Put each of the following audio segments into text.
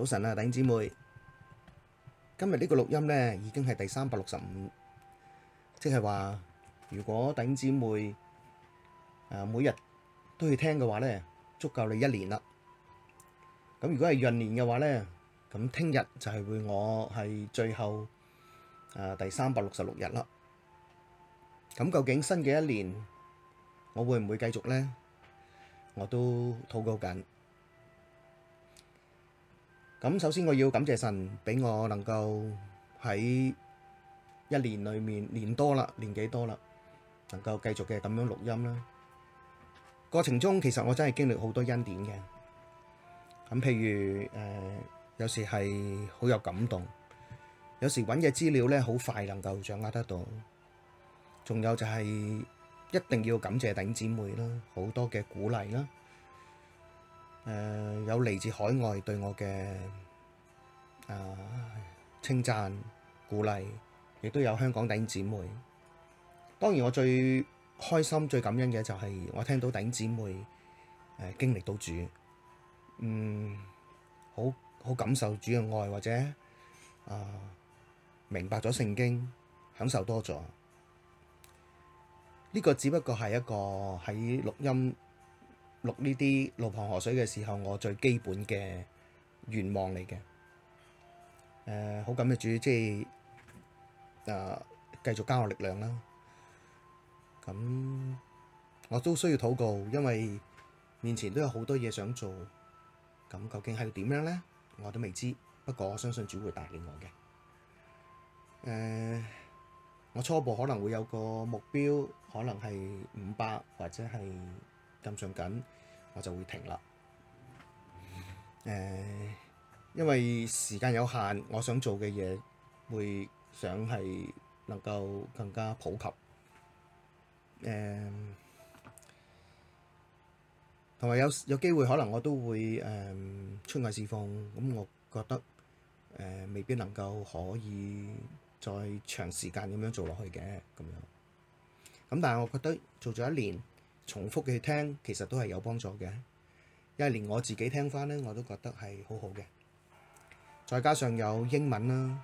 早晨啊，弟兄姊妹，今日呢個錄音咧已經係第三百六十五，即係話如果弟兄姊妹誒每日都要聽嘅話咧，足夠你一年啦。咁如果係閏年嘅話咧，咁聽日就係會我係最後誒第三百六十六日啦。咁究竟新嘅一年我會唔會繼續咧？我都禱告緊。咁首先我要感謝神俾我能夠喺一年裏面年多啦，年幾多啦，能夠繼續嘅咁樣錄音啦。過程中其實我真係經歷好多恩典嘅。咁譬如誒、呃，有時係好有感動，有時揾嘅資料呢好快能夠掌握得到。仲有就係一定要感謝弟兄姊妹啦，好多嘅鼓勵啦。誒、呃，有嚟自海外對我嘅啊稱讚鼓勵，亦都有香港頂姊妹。當然，我最開心、最感恩嘅就係我聽到頂姊妹誒、呃、經歷到主，嗯，好好感受主嘅愛，或者啊、呃、明白咗聖經，享受多咗。呢、這個只不過係一個喺錄音。錄呢啲路旁河水嘅時候，我最基本嘅願望嚟嘅。誒，好感謝主，即係誒，繼續加我力量啦。咁，我都需要禱告，因為面前都有好多嘢想做。咁究竟係要點樣咧？我都未知。不過我相信主會帶領我嘅。誒，我初步可能會有個目標，可能係五百或者係。咁上緊，我就會停啦。誒，因為時間有限，我想做嘅嘢會想係能夠更加普及。誒，同埋有有機會可能我都會誒出外侍奉。咁我覺得誒未必能夠可以再長時間咁樣做落去嘅咁樣。咁但係我覺得做咗一年。重複嘅聽其實都係有幫助嘅，因為連我自己聽翻咧，我都覺得係好好嘅。再加上有英文啦，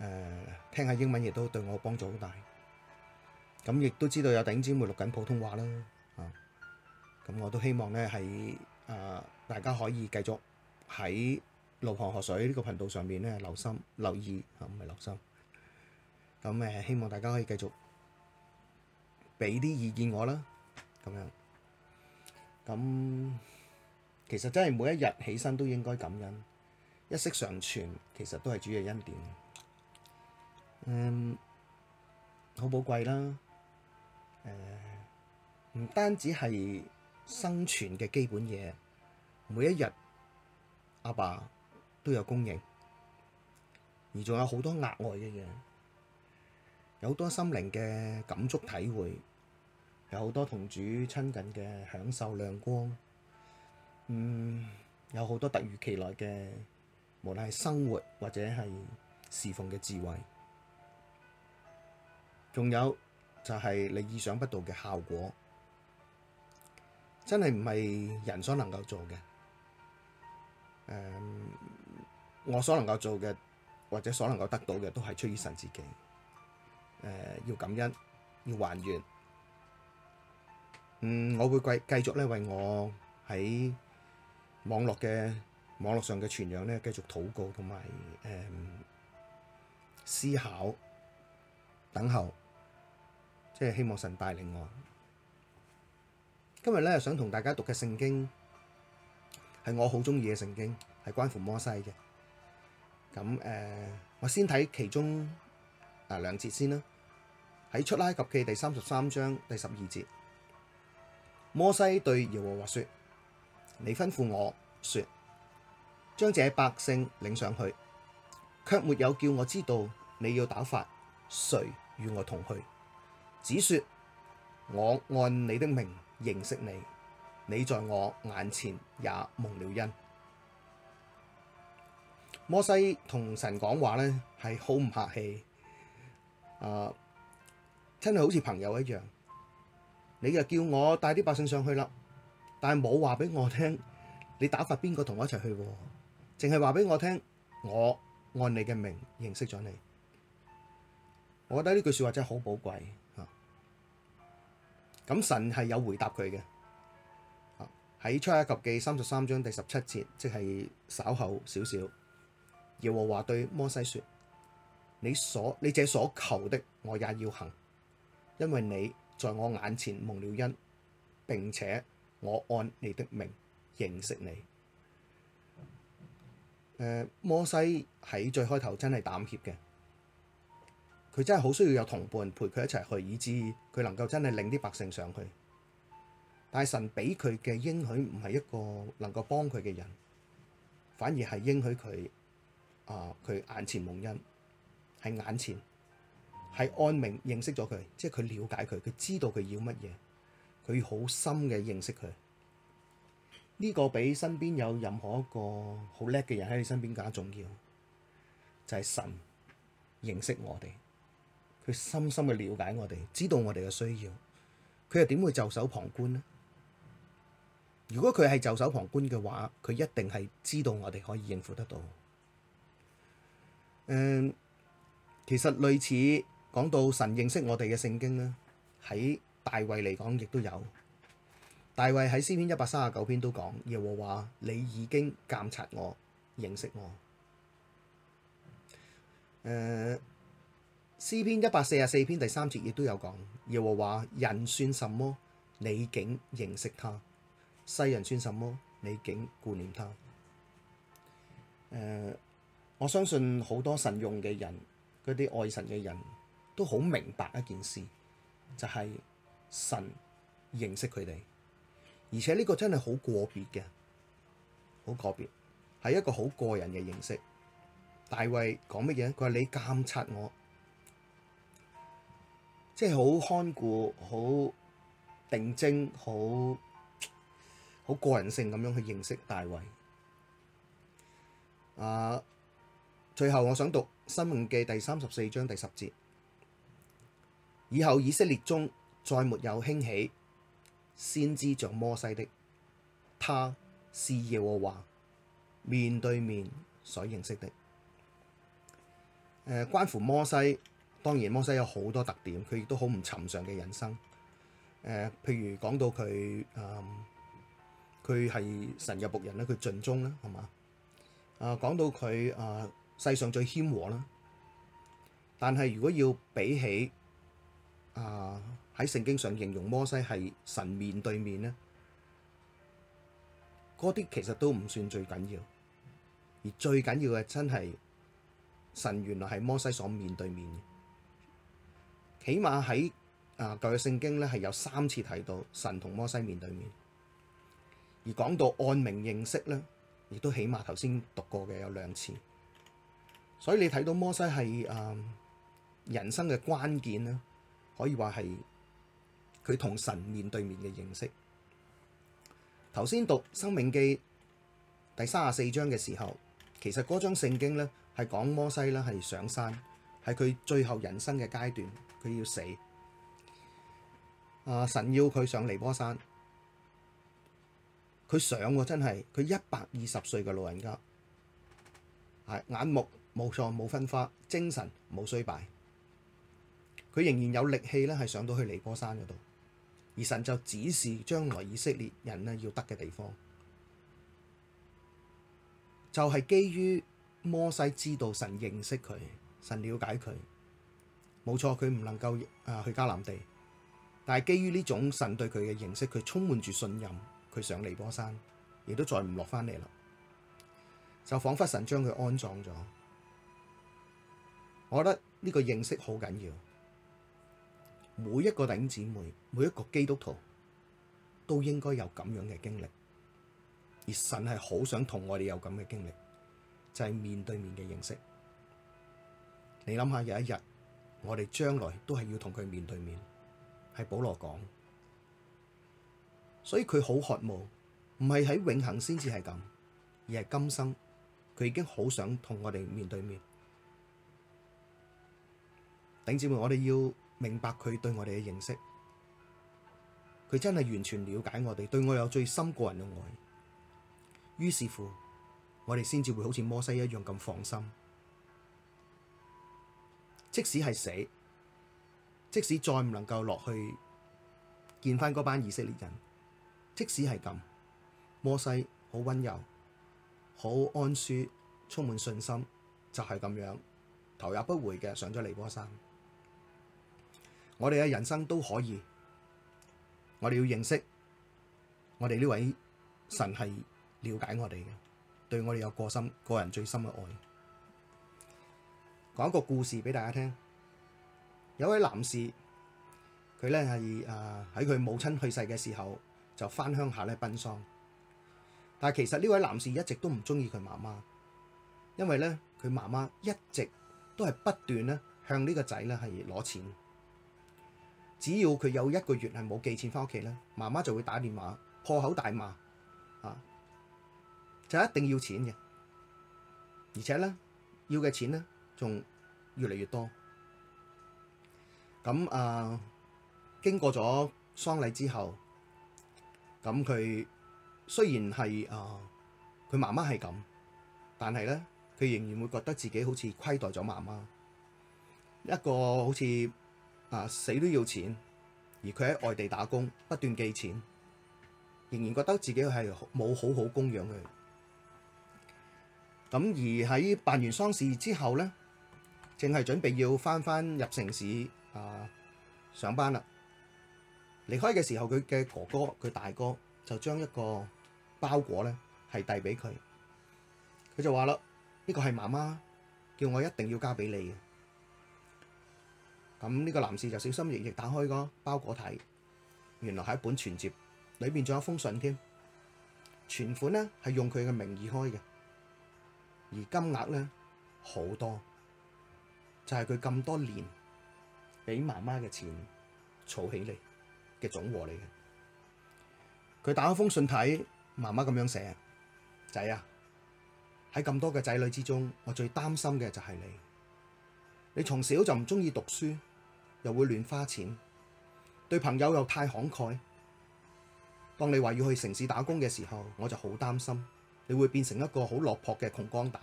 誒，聽下英文亦都對我幫助好大。咁亦都知道有頂尖會錄緊普通話啦，啊，咁我都希望咧喺啊，大家可以繼續喺路行河水呢個頻道上面咧留心，留意吓，唔係留心。咁誒，希望大家可以繼續俾啲意見我啦。咁樣，咁其實真係每一日起身都應該感恩，一息尚存，其實都係主嘅恩典。嗯，好寶貴啦。呃，唔單止係生存嘅基本嘢，每一日阿爸都有供應，而仲有好多額外嘅嘢，有好多心靈嘅感觸體會。有好多同主親近嘅享受亮光，嗯，有好多突如其來嘅，無論係生活或者係侍奉嘅智慧，仲有就係、是、你意想不到嘅效果，真係唔係人所能夠做嘅。誒、嗯，我所能夠做嘅或者所能夠得到嘅，都係出於神自己。誒、嗯，要感恩，要還願。嗯，我會繼繼續咧為我喺網絡嘅網絡上嘅傳揚咧繼續禱告同埋誒思考等候，即係希望神帶領我。今日咧想同大家讀嘅聖經係我好中意嘅聖經，係關乎摩西嘅。咁誒，我先睇其中啊兩節先啦，喺出埃及記第三十三章第十二節。摩西對耶和華說：你吩咐我說，將這百姓領上去，卻沒有叫我知道你要打發誰與我同去，只說我按你的名認識你，你在我眼前也蒙了恩。摩西同神講話呢，係好唔客氣，啊、呃，真係好似朋友一樣。你又叫我帶啲百姓上去啦，但係冇話俾我聽，你打發邊個同我一齊去？淨係話俾我聽，我按你嘅名認識咗你。我覺得呢句說話真係好寶貴吓。咁、啊、神係有回答佢嘅，喺、啊、出埃及記三十三章第十七節，即係稍後少少。耶和華對摩西說：你所你這所求的，我也要行，因為你。在我眼前蒙了恩，並且我按你的名認識你。誒、呃、摩西喺最開頭真係膽怯嘅，佢真係好需要有同伴陪佢一齊去，以致佢能夠真係領啲百姓上去。但係神俾佢嘅應許唔係一個能夠幫佢嘅人，反而係應許佢啊！佢眼前蒙恩喺眼前。係按名認識咗佢，即係佢了解佢，佢知道佢要乜嘢，佢好深嘅認識佢。呢、這個比身邊有任何一個好叻嘅人喺你身邊更加重要，就係、是、神認識我哋，佢深深嘅了解我哋，知道我哋嘅需要，佢又點會袖手旁觀呢？如果佢係袖手旁觀嘅話，佢一定係知道我哋可以應付得到。誒、嗯，其實類似。講到神認識我哋嘅聖經咧，喺大衛嚟講亦都有。大衛喺詩篇一百三十九篇都講，耶和華，你已經鑒察我，認識我。誒、呃，詩篇一百四十四篇第三節亦都有講，耶和華，人算什麼，你竟認識他！世人算什麼，你竟顧念他！誒、呃，我相信好多神用嘅人，嗰啲愛神嘅人都好明白一件事，就係、是、神認識佢哋，而且呢個真係好個別嘅，好個別，係一個好個人嘅認識。大衛講乜嘢？佢話你鑒察我，即係好看顧、好定睛、好好個人性咁樣去認識大衛。啊、呃，最後我想讀《申命記》第三十四章第十節。以後以色列中再沒有興起先知像摩西的，他是耶和華面對面所認識的。誒、呃，關乎摩西，當然摩西有好多特點，佢亦都好唔尋常嘅人生。誒、呃，譬如講到佢，佢、呃、係神嘅僕人咧，佢盡忠啦，係嘛？啊、呃，講到佢啊、呃，世上最謙和啦。但係如果要比起，啊！喺聖經上形容摩西係神面對面呢，嗰啲其實都唔算最緊要，而最緊要嘅真係神原來係摩西所面對面。起碼喺啊舊嘅聖經咧，係有三次提到神同摩西面對面，而講到按名認識呢，亦都起碼頭先讀過嘅有兩次，所以你睇到摩西係啊人生嘅關鍵啦。可以話係佢同神面對面嘅認識。頭先讀《申命記》第三十四章嘅時候，其實嗰章聖經咧係講摩西啦，係上山，係佢最後人生嘅階段，佢要死。啊！神要佢上尼波山，佢上、啊、真係佢一百二十歲嘅老人家，係眼目冇錯冇昏花，精神冇衰敗。佢仍然有力氣咧，係上到去尼波山嗰度，而神就指示將來以色列人呢要得嘅地方，就係、是、基於摩西知道神認識佢，神了解佢，冇錯，佢唔能夠啊、呃、去迦南地，但係基於呢種神對佢嘅認識，佢充滿住信任，佢上尼波山，亦都再唔落翻嚟啦，就仿佛神將佢安葬咗。我覺得呢個認識好緊要。每一個頂姊妹，每一個基督徒都應該有咁樣嘅經歷，而神係好想同我哋有咁嘅經歷，就係面對面嘅認識。你諗下，有一日我哋將來都係要同佢面對面，係保羅講，所以佢好渴望，唔係喺永恆先至係咁，而係今生，佢已經好想同我哋面對面。頂姊妹，我哋要。明白佢對我哋嘅認識，佢真係完全了解我哋，對我有最深個人嘅愛。於是乎，我哋先至會好似摩西一樣咁放心，即使係死，即使再唔能夠落去見翻嗰班以色列人，即使係咁，摩西好溫柔，好安舒，充滿信心，就係咁樣，頭也不回嘅上咗尼波山。我哋嘅人生都可以，我哋要認識我哋呢位神係了解我哋嘅，對我哋有個心個人最深嘅愛。講一個故事俾大家聽，有位男士佢咧係誒喺佢母親去世嘅時候就返鄉下咧奔喪，但係其實呢位男士一直都唔中意佢媽媽，因為咧佢媽媽一直都係不斷咧向呢個仔咧係攞錢。只要佢有一個月係冇寄錢返屋企咧，媽媽就會打電話破口大罵，啊，就一定要錢嘅，而且咧要嘅錢咧仲越嚟越多。咁、嗯、啊，經過咗喪禮之後，咁、嗯、佢雖然係啊，佢媽媽係咁，但係咧佢仍然會覺得自己好似虧待咗媽媽，一個好似。啊，死都要錢，而佢喺外地打工，不斷寄錢，仍然覺得自己係冇好好供養佢。咁而喺辦完喪事之後咧，正係準備要返返入城市啊上班啦。離開嘅時候，佢嘅哥哥，佢大哥就將一個包裹咧，係遞俾佢。佢就話啦，呢個係媽媽叫我一定要交俾你嘅。咁呢個男士就小心翼翼打開個包裹睇，原來係一本存折，裏面仲有封信添。存款咧係用佢嘅名義開嘅，而金額咧好多，就係佢咁多年俾媽媽嘅錢儲起嚟嘅總和嚟嘅。佢打開封信睇，媽媽咁樣寫：仔啊，喺咁多嘅仔女之中，我最擔心嘅就係你。你從小就唔中意讀書。又會亂花錢，對朋友又太慷慨。當你話要去城市打工嘅時候，我就好擔心你會變成一個好落魄嘅窮光蛋。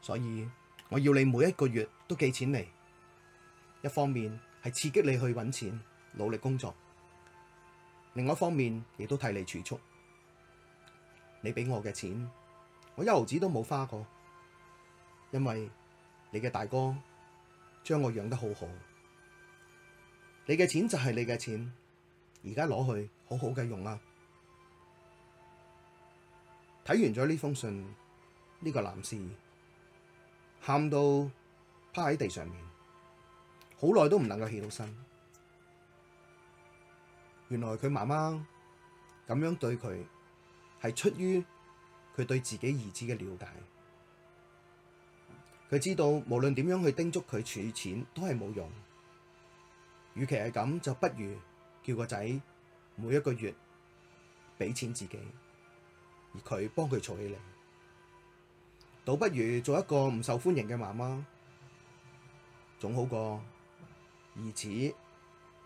所以我要你每一個月都寄錢嚟，一方面係刺激你去揾錢努力工作，另一方面亦都替你儲蓄。你俾我嘅錢，我一毫子都冇花過，因為你嘅大哥。將我養得好好，你嘅錢就係你嘅錢，而家攞去好好嘅用啦、啊。睇完咗呢封信，呢、呢個男士喊到趴喺地上面，好耐都唔能夠起到身。原來佢媽媽咁樣對佢，係出於佢對自己兒子嘅了解。佢知道無論點樣去叮囑佢儲錢都係冇用，與其係咁，就不如叫個仔每一個月俾錢自己，而佢幫佢儲起嚟，倒不如做一個唔受歡迎嘅媽媽，總好過兒子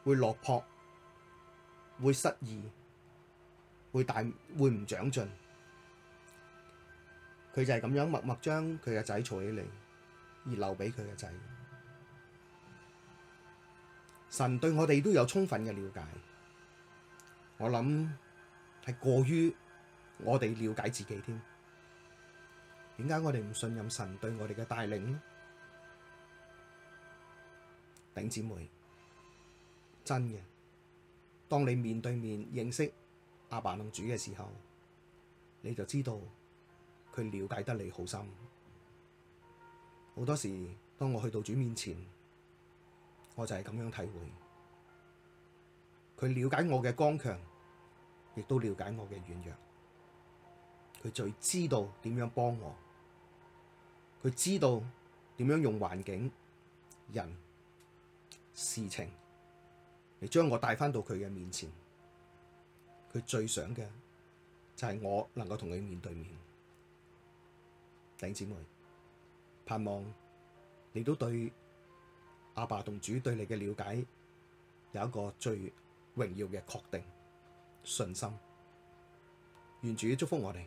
會落魄、會失意、會大、會唔長進，佢就係咁樣默默將佢嘅仔儲起嚟。而留俾佢嘅仔，神對我哋都有充分嘅了解。我諗係過於我哋了解自己添。點解我哋唔信任神對我哋嘅帶領咧？頂姊妹，真嘅，當你面對面認識阿爸、阿主嘅時候，你就知道佢了解得你好深。好多時，當我去到主面前，我就係咁樣體會。佢了解我嘅剛強，亦都了解我嘅軟弱。佢最知道點樣幫我，佢知道點樣用環境、人、事情嚟將我帶翻到佢嘅面前。佢最想嘅就係我能夠同佢面對面，弟兄姊妹。盼望你都對阿爸同主對你嘅了解有一個最榮耀嘅確定信心，願主祝福我哋。